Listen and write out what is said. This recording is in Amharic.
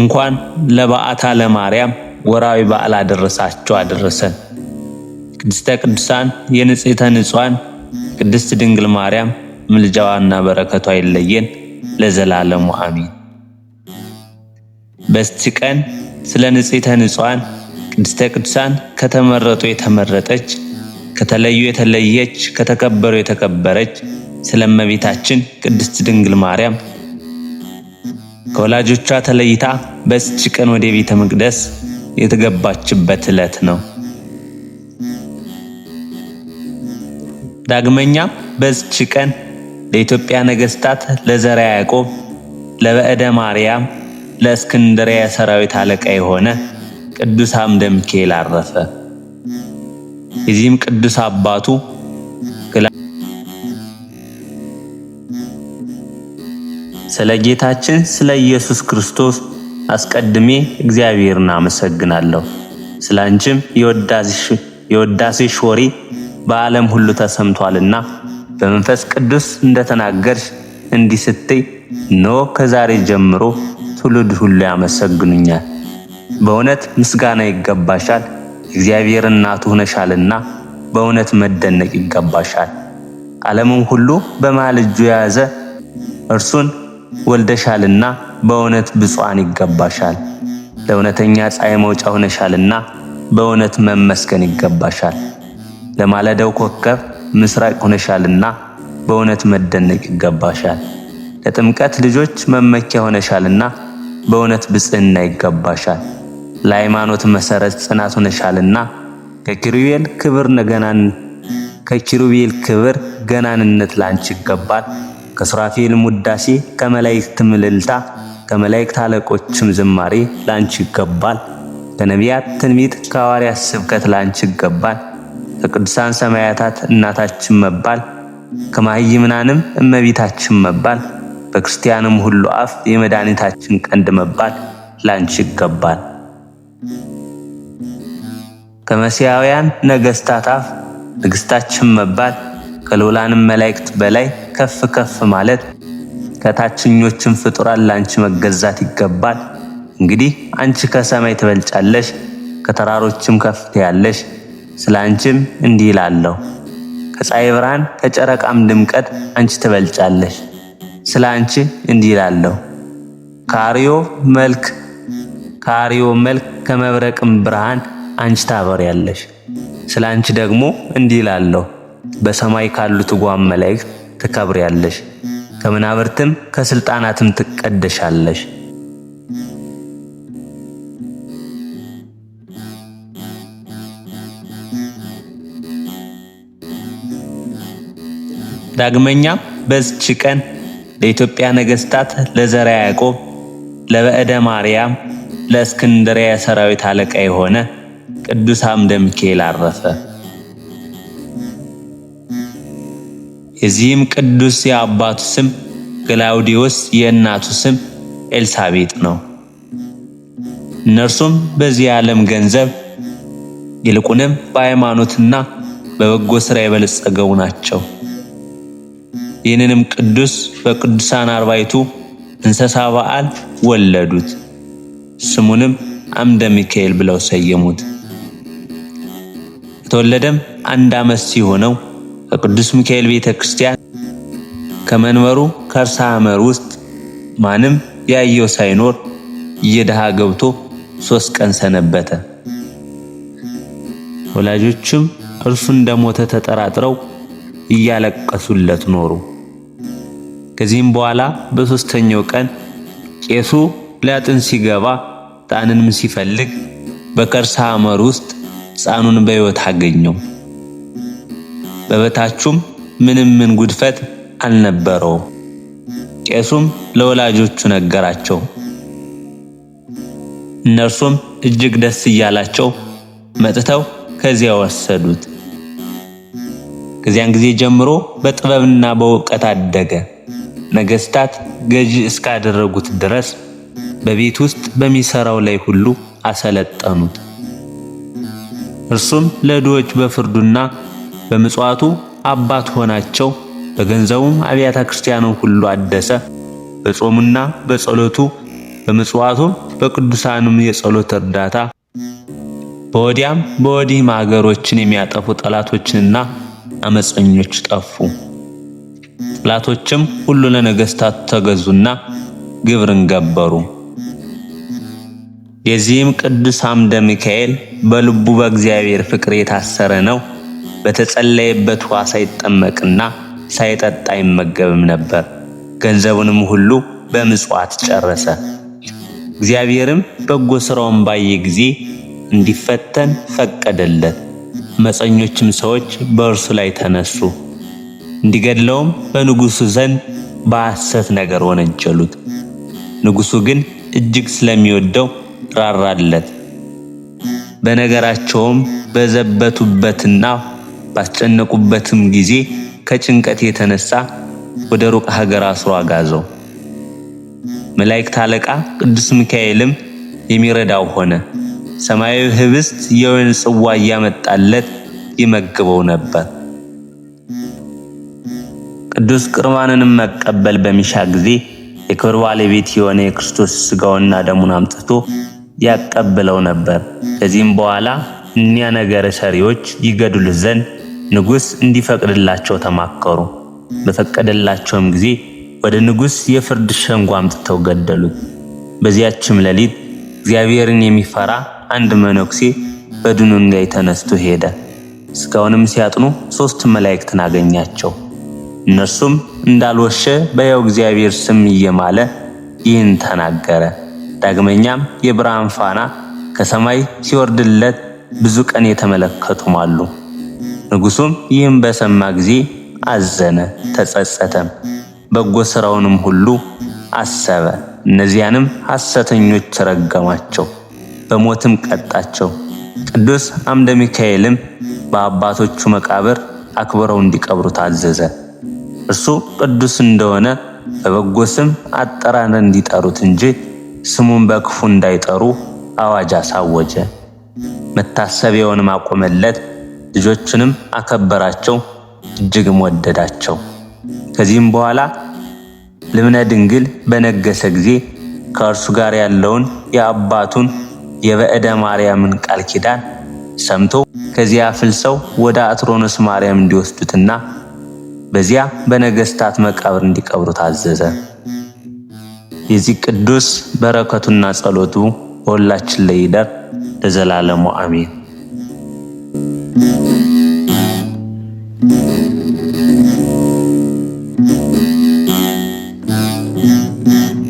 እንኳን ለበዓታ ለማርያም ወራዊ በዓል አደረሳችሁ አደረሰን። ቅድስተ ቅዱሳን የንጽሕተ ንጹሐን ቅድስት ድንግል ማርያም ምልጃዋና በረከቷ ይለየን ለዘላለሙ አሚን። በስቲ ቀን ስለ ንጽሕተ ንጹሐን ቅድስተ ቅዱሳን ከተመረጡ የተመረጠች ከተለዩ የተለየች ከተከበሩ የተከበረች ስለ እመቤታችን ቅድስት ድንግል ማርያም ከወላጆቿ ተለይታ በስች ቀን ወደ ቤተ መቅደስ የተገባችበት ዕለት ነው። ዳግመኛ በዝች ቀን ለኢትዮጵያ ነገሥታት ለዘርዓ ያዕቆብ፣ ለበዕደ ማርያም፣ ለእስክንድርያ ሰራዊት አለቃ የሆነ ቅዱስ አምደ ሚካኤል አረፈ። የዚህም ቅዱስ አባቱ ስለ ጌታችን ስለ ኢየሱስ ክርስቶስ አስቀድሜ እግዚአብሔርን አመሰግናለሁ። ስለ አንቺም የወዳሴሽ ወሬ በዓለም ሁሉ ተሰምቷልና በመንፈስ ቅዱስ እንደተናገርሽ እንዲህ ስትይ ኖ ከዛሬ ጀምሮ ትውልድ ሁሉ ያመሰግኑኛል። በእውነት ምስጋና ይገባሻል፣ እግዚአብሔር እናቱ ሆነሻልና በእውነት መደነቅ ይገባሻል። ዓለምን ሁሉ በመሃል እጁ የያዘ እርሱን ወልደሻልና በእውነት ብፁዓን ይገባሻል። ለእውነተኛ ፀሐይ መውጫ ሆነሻልና በእውነት መመስገን ይገባሻል። ለማለዳው ኮከብ ምስራቅ ሆነሻልና በእውነት መደነቅ ይገባሻል። ለጥምቀት ልጆች መመኪያ ሆነሻልና በእውነት ብጽሕና ይገባሻል። ለሃይማኖት መሰረት ጽናት ሆነሻልና ከኪሩቤል ክብር ገናን ከኪሩቤል ክብር ገናንነት ላንቺ ይገባል። ከሱራፊል ሙዳሴ ከመላእክት ምልልታ ከመላእክት አለቆችም ዝማሬ ላንቺ ይገባል። ከነቢያት ትንቢት ከሐዋርያት ስብከት ላንቺ ይገባል። ከቅዱሳን ሰማያታት እናታችን መባል ከማህይምናንም እመቤታችን መባል በክርስቲያንም ሁሉ አፍ የመድኃኒታችን ቀንድ መባል ላንቺ ይገባል። ከመሲያውያን ነገስታት አፍ ንግስታችን መባል ከልዑላንም መላእክት በላይ ከፍ ከፍ ማለት ከታችኞችም ፍጡራን ላንቺ መገዛት ይገባል። እንግዲህ አንቺ ከሰማይ ትበልጫለሽ፣ ከተራሮችም ከፍ ትያለሽ። ስለ አንቺም እንዲህ ይላለሁ፣ ከፀሐይ ብርሃን ከጨረቃም ድምቀት አንቺ ትበልጫለሽ። ስለ አንቺ እንዲህ ይላለሁ፣ መልክ ካሪዮ መልክ ከመብረቅም ብርሃን አንቺ ታበሪያለሽ። ስለ አንቺ ደግሞ እንዲህ ይላለሁ፣ በሰማይ ካሉት ጓም መላእክት ትከብሪያለሽ፣ ከመናብርትም ከስልጣናትም ትቀደሻለሽ። ዳግመኛ በዚች ቀን ለኢትዮጵያ ነገሥታት ለዘርዓ ያዕቆብ፣ ለበዕደ ማርያም፣ ለእስክንድርያ የሰራዊት አለቃ የሆነ ቅዱስ አምደ ሚካኤል አረፈ። የዚህም ቅዱስ የአባቱ ስም ገላውዲዮስ፣ የእናቱ ስም ኤልሳቤጥ ነው። እነርሱም በዚህ ዓለም ገንዘብ ይልቁንም በሃይማኖትና በበጎ ሥራ የበለጸገው ናቸው። ይህንንም ቅዱስ በቅዱሳን አርባይቱ እንስሳ በዓል ወለዱት። ስሙንም አምደ ሚካኤል ብለው ሰየሙት። የተወለደም አንድ ዓመት ሲሆነው በቅዱስ ሚካኤል ቤተ ክርስቲያን ከመንበሩ ከርሳ አመር ውስጥ ማንም ያየው ሳይኖር እየደሃ ገብቶ ሶስት ቀን ሰነበተ። ወላጆችም እርሱ እንደሞተ ተጠራጥረው እያለቀሱለት ኖሩ። ከዚህም በኋላ በሶስተኛው ቀን ቄሱ ለአጥን ሲገባ ዕጣንንም ሲፈልግ በከርሳ ሐመር ውስጥ ሕፃኑን በሕይወት አገኘው። በበታቹም ምንም ምን ጉድፈት አልነበረው። ቄሱም ለወላጆቹ ነገራቸው። እነርሱም እጅግ ደስ እያላቸው መጥተው ከዚያ ወሰዱት። ከዚያን ጊዜ ጀምሮ በጥበብና በእውቀት አደገ። ነገስታት ገዢ እስካደረጉት ድረስ በቤት ውስጥ በሚሰራው ላይ ሁሉ አሰለጠኑት። እርሱም ለድሆች በፍርዱና በምጽዋቱ አባት ሆናቸው። በገንዘቡም አብያተ ክርስቲያኑ ሁሉ አደሰ። በጾሙና በጸሎቱ በምጽዋቱ በቅዱሳኑም የጸሎት እርዳታ በወዲያም በወዲህም አገሮችን የሚያጠፉ ጠላቶችንና አመፀኞች ጠፉ። ጠላቶችም ሁሉ ለነገስታት ተገዙና ግብርን ገበሩ። የዚህም ቅዱስ አምደ ሚካኤል በልቡ በእግዚአብሔር ፍቅር የታሰረ ነው። በተጸለየበት ውሃ ሳይጠመቅና ሳይጠጣ አይመገብም ነበር። ገንዘቡንም ሁሉ በምጽዋት ጨረሰ። እግዚአብሔርም በጎ ሥራውን ባየ ጊዜ እንዲፈተን ፈቀደለት። መፀኞችም ሰዎች በእርሱ ላይ ተነሱ፣ እንዲገድለውም በንጉሡ ዘንድ በሐሰት ነገር ወነጀሉት። ንጉሡ ግን እጅግ ስለሚወደው ራራለት። በነገራቸውም በዘበቱበትና ባስጨነቁበትም ጊዜ ከጭንቀት የተነሳ ወደ ሩቅ ሀገር አስሮ አጋዘው። መላእክት አለቃ ቅዱስ ሚካኤልም የሚረዳው ሆነ። ሰማያዊ ህብስት፣ የወይን ጽዋ እያመጣለት ይመግበው ነበር። ቅዱስ ቁርባንንም መቀበል በሚሻ ጊዜ የክብር ባለቤት የሆነ የክርስቶስ ስጋውና ደሙን አምጥቶ ያቀብለው ነበር። ከዚህም በኋላ እኒያ ነገረ ሰሪዎች ይገድሉት ዘንድ ንጉሥ እንዲፈቅድላቸው ተማከሩ። በፈቀደላቸውም ጊዜ ወደ ንጉሥ የፍርድ ሸንጎ አምጥተው ገደሉት። በዚያችም ሌሊት እግዚአብሔርን የሚፈራ አንድ መነኩሴ በድንጋይ ተነስቶ ሄደ። እስካሁንም ሲያጥኑ ሦስት መላእክትን አገኛቸው። እነርሱም እንዳልወሸ በያው እግዚአብሔር ስም እየማለ ይህን ተናገረ። ዳግመኛም የብርሃን ፋና ከሰማይ ሲወርድለት ብዙ ቀን የተመለከቱም አሉ። ንጉሱም ይህም በሰማ ጊዜ አዘነ፣ ተጸጸተም፣ በጎ ስራውንም ሁሉ አሰበ። እነዚያንም ሐሰተኞች ረገማቸው፣ በሞትም ቀጣቸው። ቅዱስ አምደ ሚካኤልም በአባቶቹ መቃብር አክብረው እንዲቀብሩ ታዘዘ። እርሱ ቅዱስ እንደሆነ በበጎ ስም አጠራን እንዲጠሩት እንጂ ስሙን በክፉ እንዳይጠሩ አዋጅ አሳወጀ። መታሰቢያውንም አቆመለት። ልጆቹንም አከበራቸው፣ እጅግም ወደዳቸው። ከዚህም በኋላ ልብነ ድንግል በነገሰ ጊዜ ከእርሱ ጋር ያለውን የአባቱን የበዕደ ማርያምን ቃል ኪዳን ሰምቶ ከዚያ ሰው ወደ አትሮኖስ ማርያም እንዲወስዱትና በዚያ በነገስታት መቃብር እንዲቀብሩ ታዘዘ። የዚህ ቅዱስ በረከቱና ጸሎቱ በሁላችን ላይ ይደር ለዘላለሙ አሜን። Mm-hmm.